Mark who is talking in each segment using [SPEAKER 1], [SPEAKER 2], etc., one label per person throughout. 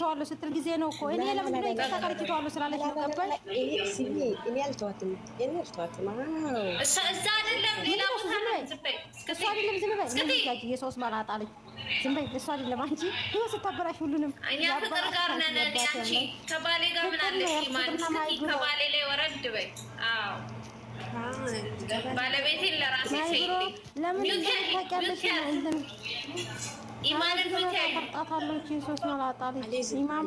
[SPEAKER 1] ተዋለሁ ስትል ጊዜ ነው እኮ እኔ ለምንድነው ይቅርታ ቃል ኪተዋለሁ ስላለች ነው። ገባሽ?
[SPEAKER 2] እኔ አልተዋትም፣ እኔ አልተዋትም።
[SPEAKER 3] እዛ አይደለም ዝም በይ
[SPEAKER 1] እሷ አይደለም። ዝም በይ ምን ይዛጅ የሰውስ መላጣ ልጅ ዝም በይ እሷ አይደለም። አንቺ ይኸው ስታበላሽ ሁሉንም
[SPEAKER 3] እኛ ፍቅር ጋር ነን። አንቺ ከባሌ ጋር ምን አለሽ? ማለት እስኪ ከባሌ ላይ ወረድ በይ። አዎ ባለቤቴን ለራሴ ሴ
[SPEAKER 1] ለምን ታውቂያለሽ? እንትን
[SPEAKER 3] ኢማንን ብታይ
[SPEAKER 1] አጣታለሁ። እቺን ሶስት መላጣል ኢማን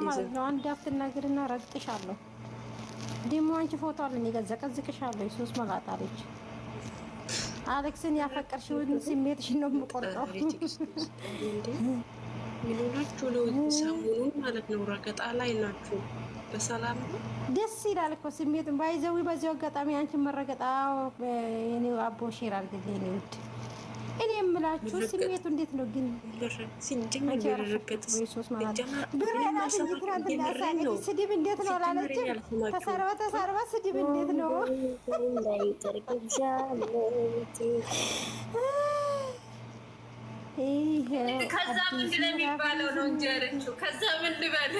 [SPEAKER 1] ደሞ አንቺ ፎቶ አለን ይገዘቀዝቅሻለሁ። ሶስት መላጣለች። አሌክስን ያፈቀርሽውን ስሜትሽን ነው የምቆርጠው።
[SPEAKER 2] ምንሆናችሁ ነው? ሰሞኑን ማለት ነው ረገጣ ላይ ናችሁ። በሰላም
[SPEAKER 1] ደስ ይላል እኮ ስሜት ባይዘዊ። በዚያው አጋጣሚ አንቺን መረገጣ የኔ አቦ ሼር አድርግልኝ ውድ እኔ የምላችሁ ስሜቱ እንዴት ነው ግን? ስድብ እንዴት ነው አላለችም? ተሰርባ ተሰርባ ስድብ እንዴት ነው?
[SPEAKER 3] ከዛ ምንድን ነው የሚባለው ነው እንጂ ያለችው። ከዛ ምንድን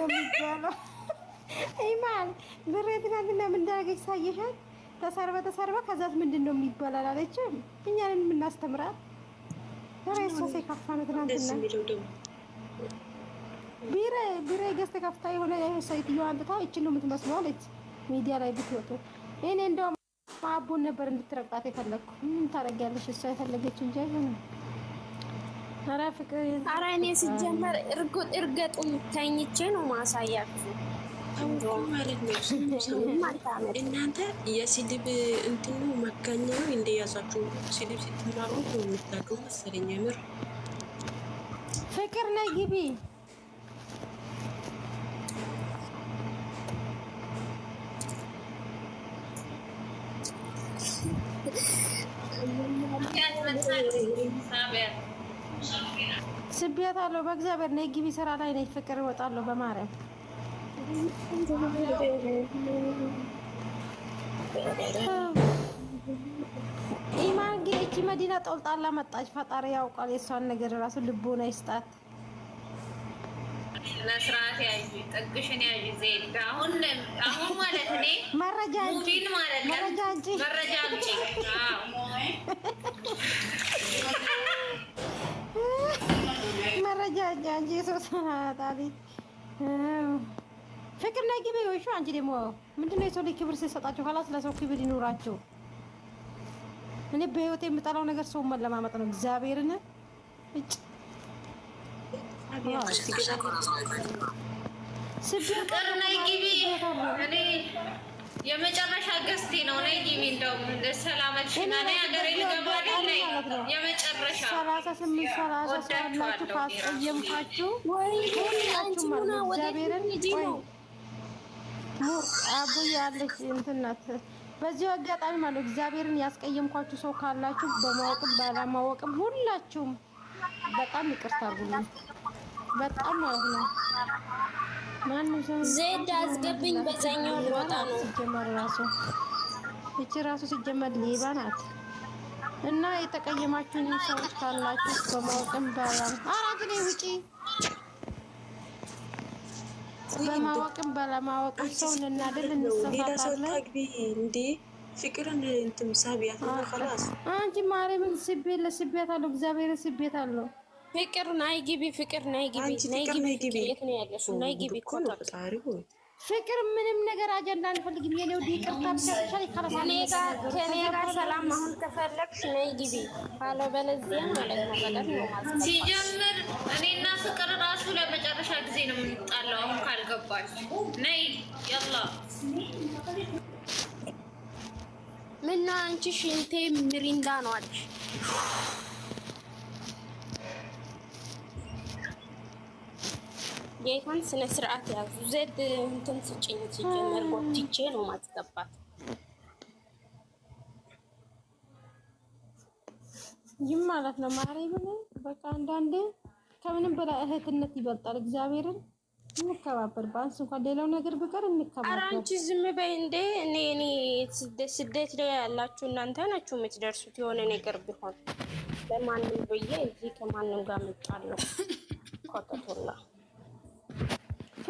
[SPEAKER 1] ነው የሚባለው? ብሬ ትናንትና ምን እንዳደረገች ሳየሻል? ተሰርበ ተሰርበ ከዛት ምንድን ነው የሚባላል አለች። እኛንን የምናስተምራል ሶሴ ካፋ ነው። ትናንትና ቢሬ ቢራ ገዝተ ከፍታ የሆነ ሴትዮዋ አንጥታ ይችን ነው የምትመስለው አለች። ሚዲያ ላይ ብትወጡ እኔ እንደውም አቦን ነበር እንድትረቃት የፈለግኩ። ምን ታደርጊያለሽ? እሷ የፈለገች እንጂ አይሆንም። ኧረ ፍቅር
[SPEAKER 3] ኧረ እኔ ሲጀመር እርገጡኝ ተኝቼ ነው ማሳያችሁ
[SPEAKER 2] እናንተ የስድብ እንትኑ መጋኛ ነው እንደያዛችሁ ስድብ ስትማሩ የምታችሁ መሰለኝ። ምር
[SPEAKER 1] ፍቅር ነይ ግቢ ስቢያት አለው በእግዚአብሔር ነይ ግቢ። ስራ ላይ ነይ ፍቅር እወጣለሁ በማርያም ኢማን እቺ መዲና ጦልጣላ መጣች። ፈጣሪ ያውቃል። የእሷን ነገር እራሱ ልቦና ይስጣት።
[SPEAKER 3] ጥግሽን ዜድ አሁን አሁን ማለት እኔ
[SPEAKER 1] መረጃ መረጃ እንጂ
[SPEAKER 3] መረጃ እንጂ
[SPEAKER 1] መረጃ እንጂ ሶስት ፍቅር ላይ ግቢ ወይ አንቺ ደግሞ ምንድነው የሰው ልጅ ክብር ሲሰጣቸው ኋላ ስለ ሰው ክብር ይኖራቸው። እኔ በህይወት የምጠላው ነገር ሰው መለማመጥ ነው። እግዚአብሔርን
[SPEAKER 3] ፍቅር ናይ ግቢ እኔ የመጨረሻ ገዝቴ ነው። ናይ ግቢ እንደውም ሰላመችና ናይ ሀገሬ ልገባሪ ናይ የመጨረሻ
[SPEAKER 1] ሰላሳ ስምንት ሰላሳ ሰላላችሁ ካስቀየምካችሁ ወይ ሁላችሁ እግዚአብሔርን ወይ አቡ ያለች እንትን ናት። በዚሁ አጋጣሚ ማለት እግዚአብሔርን ያስቀየምኳችሁ ሰው ካላችሁ በማወቅም ባለማወቅም ሁላችሁም በጣም ይቅርታ አድርጉልኝ። በጣም ማለት ነው።
[SPEAKER 3] ማንም ሰው ዜድ አስገብኝ በዛኛው ልወጣ ነው። ሲጀመር ራሱ
[SPEAKER 1] እቺ ራሱ ሲጀመር ሌባ ናት እና የተቀየማችሁኝ ሰዎች ካላችሁ በማወቅም ባላ አራጅ ላይ ውጪ በማወቅም ባለማወቅም ሰውን እናድል እንሰፋታለን።
[SPEAKER 2] እንዴ ፍቅርን እንትን ሳቢያት ላስ
[SPEAKER 1] አንቺ ማርያምን ስቤ ለስቤት አለው እግዚአብሔር ስቤት አለው።
[SPEAKER 3] ፍቅር ናይ ግቢ፣ ፍቅር ናይ ግቢ፣
[SPEAKER 1] ናይ ግቢ። የት
[SPEAKER 3] ነው ያለሽው? ናይ ግቢ
[SPEAKER 2] ኮታ
[SPEAKER 1] ፍቅር ምንም ነገር አጀንዳ አንፈልግም። የኔው ይቅርታ ብቻ ከኔ ጋር ሰላም አሁን ከፈለግሽ ነይ ግቢ ካለው በለዚያ ማለት ነው ማለት ነው
[SPEAKER 3] ሲጀምር እኔና ፍቅር ራሱ ለመጨረሻ ጊዜ ነው የምንጣለው። አሁን ካልገባች ነይ ያላ
[SPEAKER 1] ምና አንቺ ሽንቴ ምሪንዳ ነው አለሽ
[SPEAKER 3] የኢኮን ስነ ስርዓት ያዙ። ዜድ እንትን ስጭኝ ሲጀመር ጎትቼ ነው ማስገባት።
[SPEAKER 1] ይህም ማለት ነው ማሪ ብለ በቃ አንዳንዴ ከምንም በላይ እህትነት ይበልጣል። እግዚአብሔርን እንከባበር፣ በአንስ እንኳን ሌላው ነገር ብቀር እንከባበር።
[SPEAKER 3] ኧረ አንቺ ዝም በይ እንዴ! እኔ እኔ ስደት ላይ ያላችሁ እናንተ ናችሁ የምትደርሱት። የሆነ ነገር ቢሆን ለማንም ብዬ እዚህ ከማንም ጋር መጣለሁ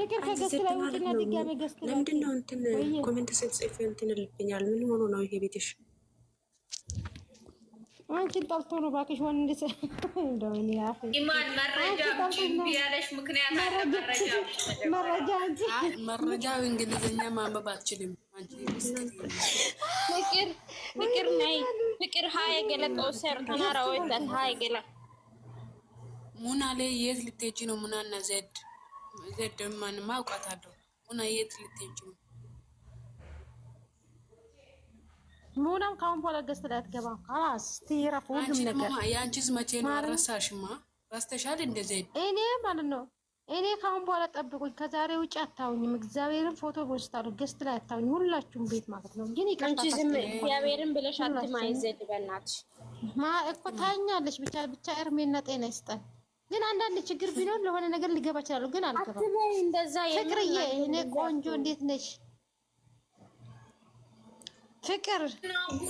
[SPEAKER 1] ፍቅር ከገስት ላይ ውጭና ድጋሜ ገስት
[SPEAKER 2] ላይ ለምንድን ነው እንትን ኮሜንት ስጽፍ እንትን ልብኛል? ምን ሆኖ ነው ይሄ ቤትሽ?
[SPEAKER 1] አንቺን ጠርቶ ነው እባክሽ። ወን እንደ
[SPEAKER 3] ኢማን መረጃ ያለሽ ምክንያት
[SPEAKER 1] አለ። መረጃ እንጂ
[SPEAKER 2] መረጃው እንግሊዝኛ ማንበብ አትችልም።
[SPEAKER 3] ፍቅር ፍቅር ናይ ፍቅር ሀይ ገለ ቀውሰር ተናራወይታት ሀይ ገለ
[SPEAKER 2] ሙና ላይ የት ልትሄጂ ነው? ሙና እና ዘድ ዘደማንማ አውቃታለሁ። ሙና የት ልትሄጂ ነው?
[SPEAKER 1] ሙናም ከአሁን በኋላ ገዝት ላይ አትገባም። ካላስ ትይራፍ ሁሉም ነገር
[SPEAKER 2] የአንቺስ መቼ ነው አረሳሽማ? ባስተሻል እንደዚህ
[SPEAKER 1] እኔ ማለት ነው እኔ ካሁን በኋላ ጠብቁኝ። ከዛሬ ውጭ አታውኝም። እግዚአብሔርን ፎቶ ወስታለሁ። ገስት ላይ አታውኝ፣ ሁላችሁም ቤት ማለት ነው።
[SPEAKER 3] ግን ይቀንቺ ዝም እግዚአብሔርን ብለሽ አትማይ ዘድ በእናትሽ
[SPEAKER 1] ማ እኮ ታኛለሽ። ብቻ ብቻ እርሜና ጤና ይስጠን። ግን አንዳንድ ችግር ቢኖር ለሆነ ነገር ሊገባ ይችላሉ። ግን አልገባም። ፍቅርዬ እኔ ቆንጆ እንዴት ነሽ? ፍቅር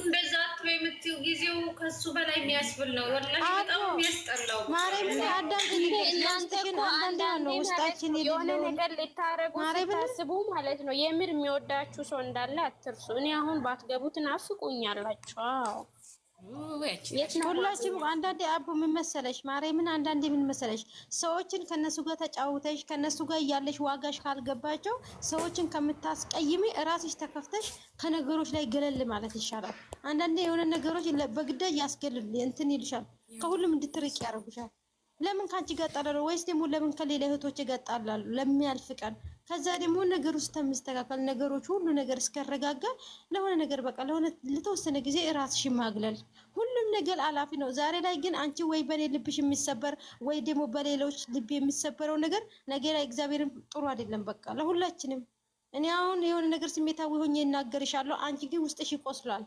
[SPEAKER 3] እንደዛ አትበይ የምትይው ጊዜው ከሱ በላይ የሚያስብል ነው። ወላሂ በጣም የሚያስጠላው
[SPEAKER 1] ማርያምን አዳምጪኝ።
[SPEAKER 3] እናንተ ግን አንዳንድ ነው ውስጣችን የሆነ ነገር ልታረጉ ስታስቡ ማለት ነው። የምር የሚወዳችሁ ሰው እንዳለ አትርሱ። እኔ አሁን ባትገቡት ትናፍቁኛላችሁ። አዎ
[SPEAKER 1] ሁላችሁም አንዳንዴ አቦ ምን መሰለሽ ማርያምን፣ አንዳንዴ ምን መሰለሽ ሰዎችን ከነሱ ጋር ተጫውተሽ ከነሱ ጋር እያለሽ ዋጋሽ ካልገባቸው ሰዎችን ከምታስቀይሚ እራስሽ ተከፍተሽ ከነገሮች ላይ ገለል ማለት ይሻላል። አንዳንዴ የሆነ ነገሮች በግዳጅ ያስገልል እንትን ይልሻል፣ ከሁሉም እንድትርቅ ያደርጉሻል። ለምን ከአንቺ ጋር ጣላለሁ ወይስ ደግሞ ለምን ከሌላ እህቶች ጋር ጣላሉ? ለሚያልፍ ቀን ከዛ ደግሞ ነገር ውስጥ ተመስተካከል ነገሮች ሁሉ ነገር እስከረጋጋ ለሆነ ነገር በቃ ለሆነ ለተወሰነ ጊዜ ራስሽ ማግለል ሁሉም ነገር አላፊ ነው። ዛሬ ላይ ግን አንቺ ወይ በኔ ልብሽ የሚሰበር ወይ ደግሞ በሌሎች ልብ የሚሰበረው ነገር ነገ ላይ እግዚአብሔርም ጥሩ አይደለም። በቃ ለሁላችንም። እኔ አሁን የሆነ ነገር ስሜታዊ ሆኜ እናገርሻለሁ፣ አንቺ ግን ውስጥሽ ይቆስላል።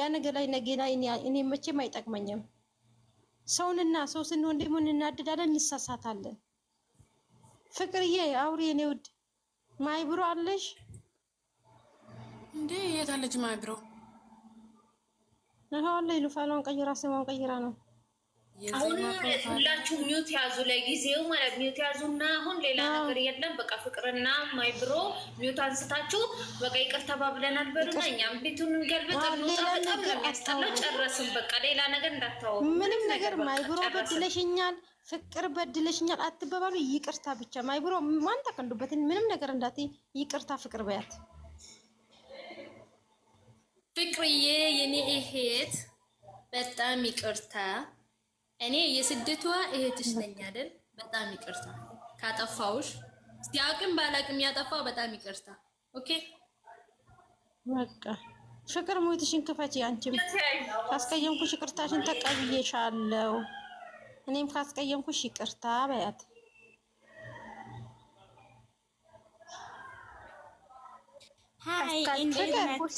[SPEAKER 1] ያ ነገር ላይ ነገ ላይ እኔ መቼም አይጠቅመኝም። ሰውንና ሰው ስንሆን ደግሞ እንናደዳለን፣ እንሳሳታለን። ፍቅርዬ አውሬ እኔ ውድ ማይብሮ አለሽ
[SPEAKER 2] እንዴ? የት አለች ማይብሮ?
[SPEAKER 1] አሁን ሉፋኗን ቀይራ ስሟን ቀይራ ነው።
[SPEAKER 3] አሁን ሁላችሁ ሚውት ያዙ፣ ለጊዜው ማለት ሚውት ያዙና አሁን ሌላ ነገር የለም። በቃ ፍቅርና ማይብሮ ሚውት አንስታችሁ በቃ ይቅር ተባብለናል በሉና እኛም ቤቱን እንገልበጥ። ሞታ ነው የሚያስጠላው። ጨረስን በቃ ሌላ ነገር እንዳታወቁ
[SPEAKER 1] ምንም ነገር ማይብሮ በድለሽኛል ፍቅር በድለሽኛል አትበባሉ። ይቅርታ ብቻ ማይብሮ ማን ተቀንዱበት ምንም ነገር እንዳት ይቅርታ ፍቅር በያት።
[SPEAKER 3] ፍቅርዬ የኔ እህት በጣም ይቅርታ። እኔ የስደቷ እህትሽ ነኝ አይደል? በጣም ይቅርታ ካጠፋውሽ፣ ሲያውቅም ባላቅም ያጠፋው በጣም ይቅርታ። ኦኬ
[SPEAKER 1] በቃ ፍቅር ሞትሽን ክፈች። አንቺም ካስቀየምኩሽ ይቅርታሽን ተቀብዬሻለሁ። እኔም ካስቀየምኩሽ ይቅርታ በያት።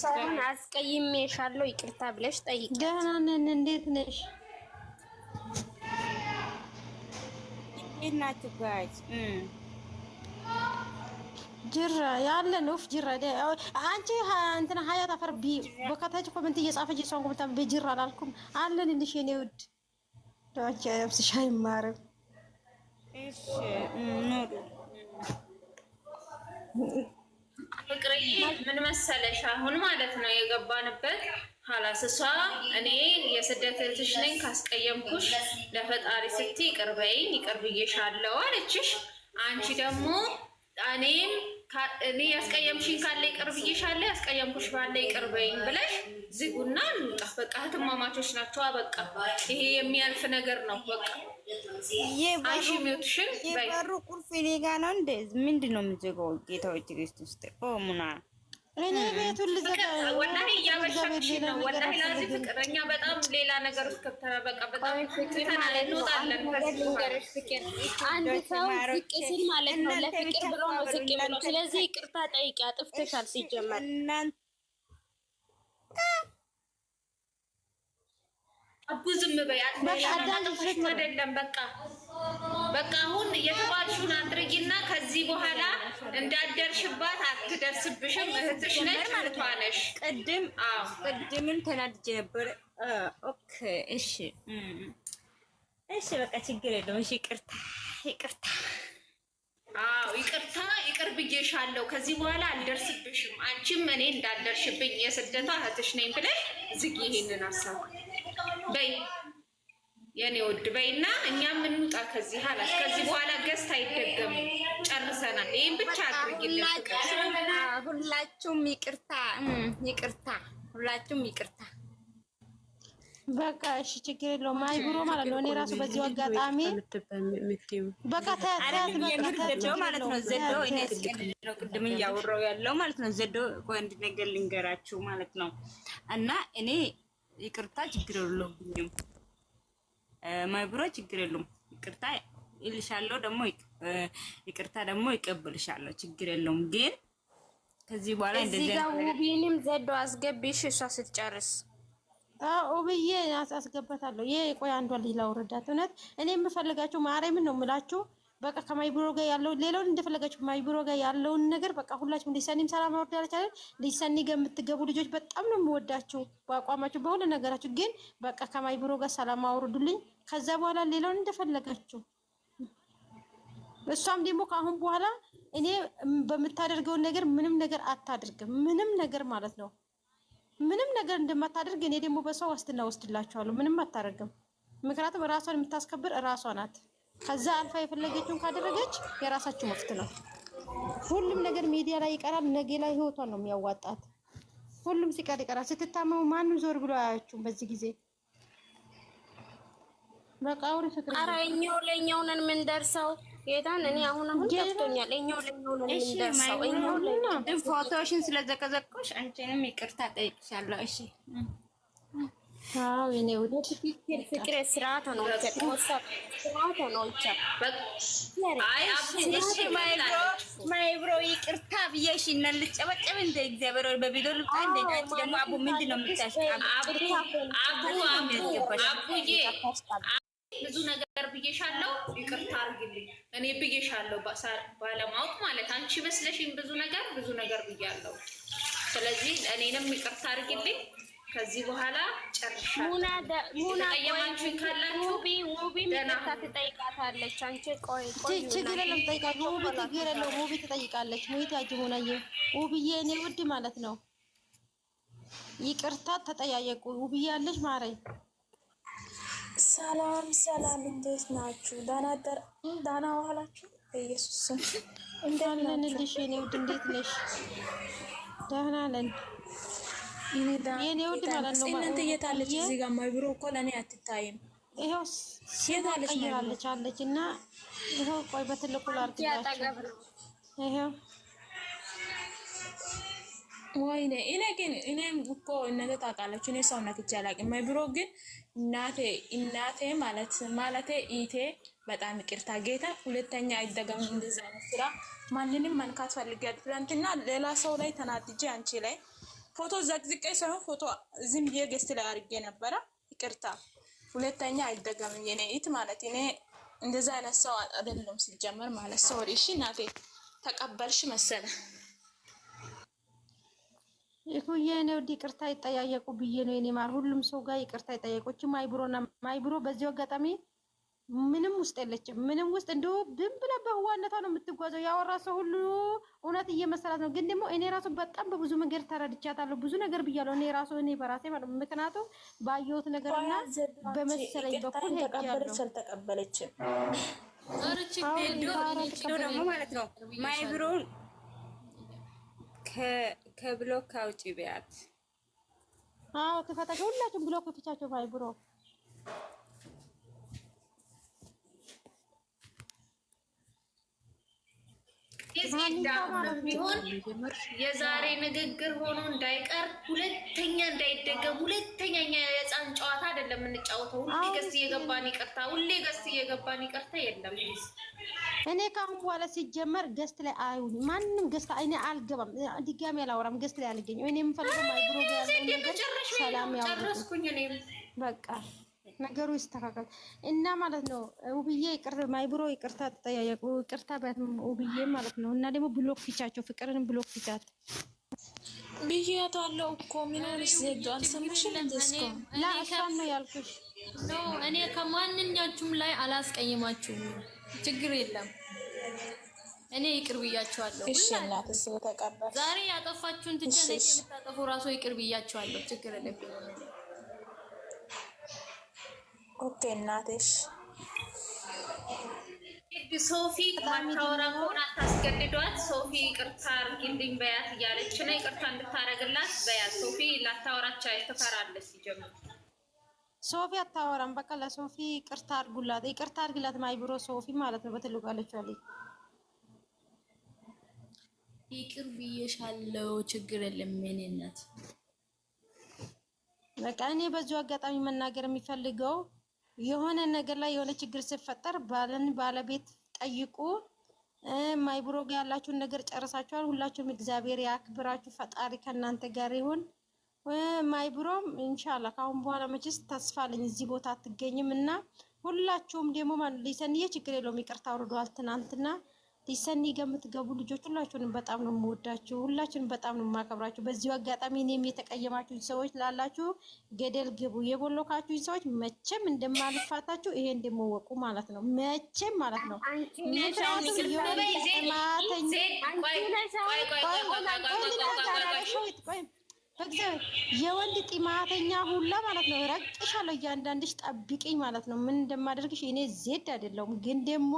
[SPEAKER 3] ሳይሆን አስቀይሜሻለሁ ይቅርታ ብለሽ ጠይቂ።
[SPEAKER 1] ደህና ነን፣ እንዴት ነሽ?
[SPEAKER 3] እንዴት ናችሁ ጋይስ?
[SPEAKER 1] ጅራ ያለን ኡፍ ጅራ አንቺ እንትና ሀያት አፈር ቢ በከታች ኮመንት እየጻፈች የሷን ኮመንት በጅራ አላልኩም አለን እንሽ የኔ ውድ አንቺ ነፍስሽ አይማርም። እሺ ኑሩ
[SPEAKER 3] ፍቅርዬ። ምን መሰለሽ አሁን ማለት ነው የገባንበት ሀላስ እሷ እኔ የስደት እህትሽ ነኝ፣ ካስቀየምኩሽ ለፈጣሪ ስትይ ይቅር በይኝ፣ ይቅር ብዬሻለሁ አለችሽ። አንቺ ደግሞ እኔም እኔ ያስቀየምሽኝ ካለ ይቅር ብዬሻለሁ፣ ያስቀየምኩሽ ባለ ይቅር በይኝ ብለሽ ዝጉና እንውጣ። በቃ ህትማማቾች ናቸው። በቃ ይሄ የሚያልፍ ነገር ነው። በቃ አንሺ ሚውትሽን
[SPEAKER 1] በሩ ቁልፍ እኔ ጋ ነው። እንደ ምንድን ነው የምዘጋው? ጌታዎች ክርስቶስ ውስጥ ኦሙና እኔ ቤቱን ልዘጋ
[SPEAKER 3] ወላሂ ፍቅረኛ በጣም ሌላ ነገር ውስጥ ገብተናል። በቃ በጣም እንወጣለን። አንድ ሰው ዝቅ ሲል ማለት ነው ለፍቅር ብሎ ነው ዝቅ ብሎ። ስለዚህ ይቅርታ ጠይቂ፣ አጥፍተሻል ሲጀመር አቡ ዝም በይ። አይደለም በቃ በቃ አሁን የተባልሽውን አድርጊና ከዚህ በኋላ እንዳደርሽባት አትደርስብሽም። እህትሽ ነች ማለት ቅድም ቅድምም ተናድጄ ነበር። ኦኬ እሺ፣ እሺ፣ በቃ ችግር የለውም። እሺ፣ ይቅርታ፣ ይቅርታ፣ አዎ፣ ይቅርታ፣ ይቅር ብዬሻለሁ። ከዚህ በኋላ አልደርስብሽም። አንቺም እኔ እንዳልደርሽብኝ የስደቷ እህትሽ ነኝ ብለሽ ዝጊ ይሄንን ሀሳብ በይ። የኔ ውድ በይና እኛም እንውጣ ከዚህ ሀላስ ከዚህ በኋላ ገዝት አይደገም፣ ጨርሰናል። ይህም ብቻ አድርጊልን። ሁላችሁም ይቅርታ ይቅርታ፣ ሁላችሁም ይቅርታ።
[SPEAKER 1] በቃ እሺ፣ ችግር የለውም። አይ ብሮ ማለት ነው። እኔ ራሱ በዚህ አጋጣሚ በቃ
[SPEAKER 3] ነው ማለት ነው። ዘዶ ነው ቅድም እያወራው ያለው ማለት ነው። ዘዶ አንድ ነገር ልንገራችሁ ማለት ነው። እና እኔ ይቅርታ ችግር የለብኝም መብሮ ችግር የለውም። ይቅርታ ይልሻለሁ፣ ደግሞ ይቅርታ ደግሞ ይቀበልሻለሁ። ችግር የለውም ግን ከዚህ በኋላ
[SPEAKER 1] እንደዚህ ጋር ውብዬንም ዘዶ አስገቢሽ። እሷ ስትጨርስ ውብዬ አስገባታለሁ። ይሄ ቆይ አንዷ ልጅ ላውርዳት። እውነት እኔ የምፈልጋቸው ማርያምን ነው የምላችሁ በቃ ከማይብሮ ጋር ያለውን ሌላውን እንደፈለጋችሁ ማይብሮ ጋር ያለውን ነገር በቃ ሁላችሁም ሊሰኒም ሰላም አወርድ ያለቻለን ሊሰኒ ጋር የምትገቡ ልጆች በጣም ነው የምወዳችሁ፣ በአቋማችሁ በሁሉ ነገራችሁ። ግን በቃ ከማይብሮ ጋር ሰላም አውርዱልኝ። ከዛ በኋላ ሌላውን እንደፈለጋችሁ። እሷም ደግሞ ከአሁን በኋላ እኔ በምታደርገውን ነገር ምንም ነገር አታድርግም፣ ምንም ነገር ማለት ነው። ምንም ነገር እንደማታደርግ እኔ ደግሞ በሰው ዋስትና ወስድላችኋለሁ። ምንም አታደርግም። ምክንያቱም ራሷን የምታስከብር እራሷ ናት። ከዛ አልፋ የፈለገችውን ካደረገች የራሳችሁ መፍት ነው። ሁሉም ነገር ሚዲያ ላይ ይቀራል። ነገ ላይ ህይወቷን ነው የሚያዋጣት። ሁሉም ሲቀር ይቀራል። ስትታመሙ ማንም ዞር ብሎ አያችሁም። በዚህ ጊዜ በቃ አሁን ፍቅር
[SPEAKER 3] ኧረ እኛው ለእኛው ነን የምንደርሰው። ጌታን እኔ አሁን አሁን ገብቶኛል። እኛው ለእኛው ነን የምንደርሰው። ፎቶሽን ስለዘቀዘቆሽ አንቺንም ይቅርታ ጠይቅሻለሁ። እሺ ፍቅር ስርዓት ነው።
[SPEAKER 1] ማይብሮ ይቅርታ ብዬሽ እና እንደ እግዚአብሔር በቢሎ ልብጣ እንደ አንቺ ደግሞ አቡ ምንድን ነው የምታሽ?
[SPEAKER 3] ብዙ ነገር ብዬሻለሁ፣ ይቅርታ አድርግልኝ። እኔ ብዬሻለሁ ባለማወቅ ማለት አንቺ መስለሽኝ ብዙ ነገር ብዙ ነገር ብያለሁ። ስለዚህ እኔንም ይቅርታ አድርግልኝ ከዚህ በኋላ ትጠይቃታለች።
[SPEAKER 1] አንቺ ቆይ ቆይ፣ ትጠይቃለች። ውቢ ችግር የለውም። ውብዬ፣ እኔ ውድ ማለት ነው። ይቅርታ ተጠያየቁ። ውብዬ አለሽ ማረኝ።
[SPEAKER 2] ሰላም ሰላም፣ እንዴት ናችሁ? ዳና ዋላችሁ? በኢየሱስ ስም
[SPEAKER 1] እንደምን ነሽ? እንዴት ነሽ? ደህና ነን። የኔ ውድ ማለት ነው።
[SPEAKER 3] እናንተ የት አለች? እዚህ ጋር ማይብሮ እኮ ለእኔ አትታይም።
[SPEAKER 1] ይኸው ቀይራለች አለች እና ይኸው ቆይ በትልቁ
[SPEAKER 3] ላድርግላቸው። ይኸው ወይኔ እኔ ግን እኔም እኮ እናንተ ታውቃላችሁ፣ እኔ ሰው ነክቼ አላውቅም። ማይብሮ ግን እናቴ እናቴ ማለት ማለቴ ኢቴ በጣም ይቅርታ ጌታ፣ ሁለተኛ አይደገም እንደዚህ አይነት ስራ። ማንንም መንካት ፈልጌ ትናንትና ሌላ ሰው ላይ ተናድጄ አንቺ ላይ ፎቶ ዘቅዝቄ ሳይሆን ፎቶ ዝም ብዬ ገስት ላይ አድርጌ ነበረ። ይቅርታ ሁለተኛ አይደገምም። የኔ ማለት እኔ እንደዛ አይነት ሰው አይደለም ሲጀመር ማለት ሰው እሺ፣ እናቴ ተቀበልሽ መሰለ
[SPEAKER 1] እኩዬ ነው ዲ ይቅርታ ይጠያየቁ ብዬ ነው የኔ ማር፣ ሁሉም ሰው ጋር ይቅርታ ይጠየቁ። እቺ ማይብሮና ማይብሮ በዚሁ አጋጣሚ ምንም ውስጥ የለችም። ምንም ውስጥ እንዲ ብን ብላ በህዋነቷ ነው የምትጓዘው። ያወራ ሰው ሁሉ እውነት እየመሰላት ነው። ግን ደግሞ እኔ ራሱ በጣም በብዙ መንገድ ተረድቻታለሁ። ብዙ ነገር ብያለሁ። እኔ ራሱ እኔ በራሴ ማለት ምክንያቱም ባየሁት ነገርና በመሰለኝ
[SPEAKER 2] በኩል ሄጃለሁ። አልተቀበለችም
[SPEAKER 1] ደግሞ ማለት ነው።
[SPEAKER 3] ከብሎክ አውጪ ቢያት
[SPEAKER 1] አዎ፣ ክፈታቸው። ሁላችሁም ብሎክ ክፈቻቸው ማይብሮ
[SPEAKER 3] ቢሆን የዛሬ ንግግር ሆኖ እንዳይቀር ሁለተኛ እንዳይደገም። ሁለተኛ የህፃን ጨዋታ አይደለም የምንጫወተው። ሁሌ ገስ እየገባን ይቅርታ፣ ሁሌ ገስ እየገባን ይቅርታ የለም።
[SPEAKER 1] እኔ ከአሁን በኋላ ሲጀመር ገስት ላይ አይሁን ማንም ገስት እኔ አልገባም፣ ድጋሚ አላወራም፣ ገስት ላይ አልገኝም። እኔ የምፈልገው ማይግሮ ያለው
[SPEAKER 3] ነገር ሰላም
[SPEAKER 1] በቃ ነገሩ ይስተካከል እና ማለት ነው። ውብዬ ይቅር ማይብሮ ይቅርታ ተጠያየቁ። ይቅርታ ውብዬ ማለት ነው። እና ደግሞ ብሎክ ፊቻቸው ፍቅርን ብሎክ ፊቻት
[SPEAKER 2] ብያታለሁ እኮ ምንን ስዘዱ አልሰማሽም?
[SPEAKER 1] ነው ያልኩሽ።
[SPEAKER 3] እኔ ከማንኛችሁም ላይ አላስቀይማችሁም። ችግር የለም። እኔ ይቅር ብያቸዋለሁ። ዛሬ ያጠፋችሁን ትቼ የምታጠፉ ራሱ ይቅር ብያቸዋለሁ። ችግር የለም።
[SPEAKER 2] ኦኬ እናትሽ
[SPEAKER 3] ሶፊ ማታወራ መሆን አታስገድዷት። ሶፊ ይቅርታ አድርጊልኝ በያት እያለች ነው። ይቅርታ እንድታደርግላት በያት። ሶፊ ላታወራቻ ትፈራለች። ሲጀምር
[SPEAKER 1] ሶፊ አታወራም። በቃ ለሶፊ ይቅርታ አድርጉላት፣ ይቅርታ አድርጊላት። ማይ ብሮ ሶፊ ማለት ነው። በትልቁ አለችዋል።
[SPEAKER 3] ይቅር ብዬሻለው፣ ችግር የለም የኔ እናት።
[SPEAKER 1] በቃ እኔ በዚሁ አጋጣሚ መናገር የሚፈልገው የሆነ ነገር ላይ የሆነ ችግር ሲፈጠር ባልን ባለቤት ጠይቁ። ማይብሮግ ያላችሁን ነገር ጨርሳችኋል። ሁላችሁም እግዚአብሔር ያክብራችሁ። ፈጣሪ ከእናንተ ጋር ይሁን። ማይብሮም እንሻላ ከአሁን በኋላ መችስ ተስፋ አለኝ እዚህ ቦታ አትገኝም እና ሁላችሁም ደግሞ ሊሰንዬ ችግር የለውም ይቅርታ አውርደዋል ትናንትና ዲሰኒ ጋር የምትገቡ ልጆች ሁላችሁንም በጣም ነው የምወዳችሁ፣ ሁላችሁንም በጣም ነው የማከብራችሁ። በዚሁ አጋጣሚ እኔም የተቀየማችሁኝ ሰዎች ላላችሁ ገደል ግቡ። የቦሎካችሁኝ ሰዎች መቼም እንደማልፋታችሁ ይሄ እንደምወቁ ማለት ነው። መቼም ማለት ነው የወንድ ጢማተኛ ሁላ ማለት ነው። ረቅሻለሁ፣ እያንዳንድሽ ጣብቂኝ ማለት ነው። ምን እንደማደርግሽ እኔ ዜድ አይደለሁም ግን ደግሞ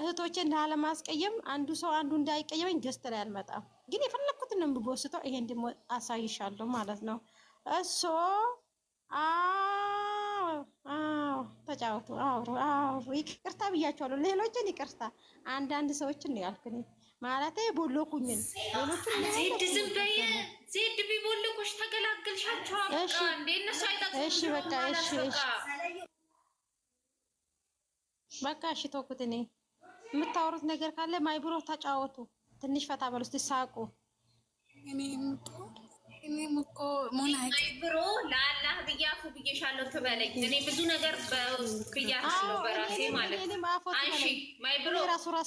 [SPEAKER 1] እህቶችን ላለማስቀየም አንዱ ሰው አንዱ እንዳይቀየመኝ ገስት ላይ አልመጣም፣ ግን የፈለግኩትን ነው የምጎስተው። ይሄን ደግሞ አሳይሻለሁ ማለት ነው። እሶ ተጫወቱ። ይቅርታ ብያቸዋለሁ፣ ሌሎችን ይቅርታ። አንዳንድ ሰዎችን ነው ያልኩኝ ማለት ቦሎኩኝን፣
[SPEAKER 3] ዜድ ቢቦልኩሽ ተገላገልሻቸው።
[SPEAKER 1] እሺ በቃ እሺ፣ እሺ በቃ እሺ፣ ተውኩት እኔ የምታወሩት ነገር ካለ ማይብሮ ተጫወቱ፣ ትንሽ ፈታ በሉ፣ እስኪ ሳቁ።
[SPEAKER 2] እኔም እኮ
[SPEAKER 3] ማይብሮ ለአላህ ብያፉ ብዬሻለሁ ትበለኝ። እኔ ብዙ ነገር ብያለሁ በራሴ ማለት አንሺ ማይብሮ፣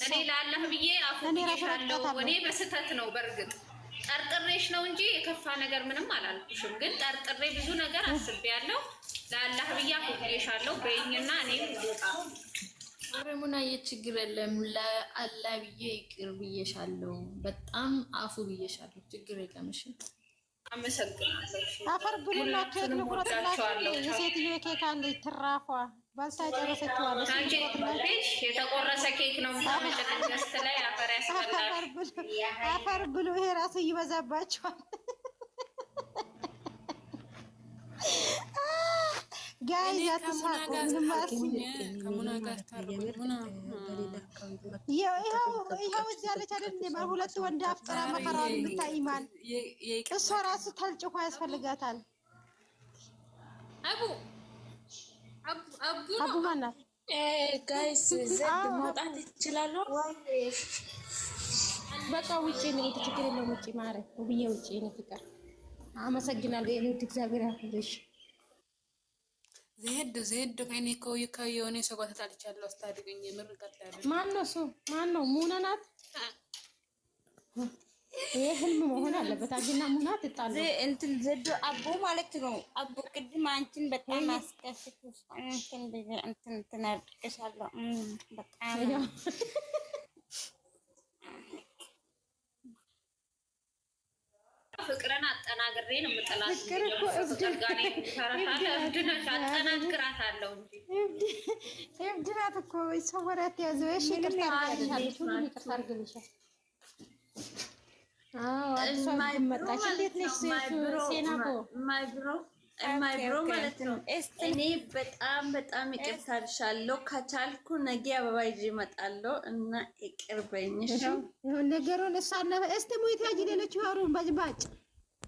[SPEAKER 3] እኔ ለአላህ ብዬ አፉ ብዬሻለሁ። እኔ በስህተት ነው በእርግጥ ጠርጥሬሽ ነው እንጂ የከፋ ነገር ምንም አላልኩሽም። ግን ጠርጥሬ ብዙ ነገር አስቤያለሁ። ለአላህ ብዬ አፉ ብዬሻለሁ በይኝና እኔም ልወጣ
[SPEAKER 2] ኧረ ሙናዬ ችግር የለም ለአላ ብዬ ይቅር ብዬሻለሁ። በጣም አፉ ብዬሻለሁ። ችግር የለም።
[SPEAKER 1] አፈር ብሉና ኬክ ንቁረጥላችሁ። የሴትዮ ኬክ አንዴ ትራፏ ባልታ ጨረሰችዋለች።
[SPEAKER 3] የተቆረሰ ኬክ ነው
[SPEAKER 1] አፈር ብሉ። ይሄ ራሱ ይበዛባቸዋል። ይኸው ወንድ አፍጥራ መከራውን የምታይ እሷ ራሱ ተልጭኳ ያስፈልጋታል። አቡ ማን
[SPEAKER 2] ጋይስ ዘድ መውጣት ይችላሉ።
[SPEAKER 1] በቃ ውጭ ንሄድ፣ ችግር የለውም። ውጭ ማረ ብዬ ውጭ ፍቅር አመሰግናለሁ። የሌት እግዚአብሔር ያክብርሽ።
[SPEAKER 2] ዘሄድ ዘሄድ ከኔ ከውይ ከየሆነ ሰው ጋር ተጣልቻለሁ። አስታድገኝ የምር
[SPEAKER 1] ቀርታለሁ። ማን ነው እሱ? ማን ነው? ሙና ናት። ይሄ ህልም መሆን አለበት። አጅና ሙና ትጣሉ
[SPEAKER 3] እንትን ዘዶ አቦ ማለት ነው። አቦ ቅድም አንቺን በጣም አስከፍኩሽ። አንቺን እንትን እንትን አድርገሻለሁ በጣም አስሬ ነው
[SPEAKER 1] የምጠላት።
[SPEAKER 3] አጠናክራታለሁ
[SPEAKER 1] እንጂ እብድ ናት እኮ ሰው ወሬ አትያዘው። እሺ ይቅርታ መጣች። እንዴት ነሽ
[SPEAKER 3] ሴናቦ? ማይብሮ ማለት ነው። እኔ በጣም በጣም ይቅርታ ከቻልኩ ነገ አበባ ይዤ እመጣለሁ እና ይቅር በይኝ።
[SPEAKER 1] ነገሩን እሷ እስቲ ሙይታጅ ሌሎች አሩን ባጭባጭ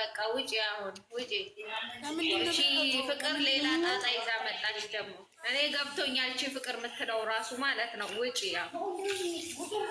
[SPEAKER 3] በቃ ውጪ አሁን ውጪ። ፍቅር ሌላ ጣጣ ይዛ መጣች ደግሞ። እኔ ገብቶኛል። እቺ ፍቅር የምትለው ራሱ ማለት ነው። ውጪ አሁን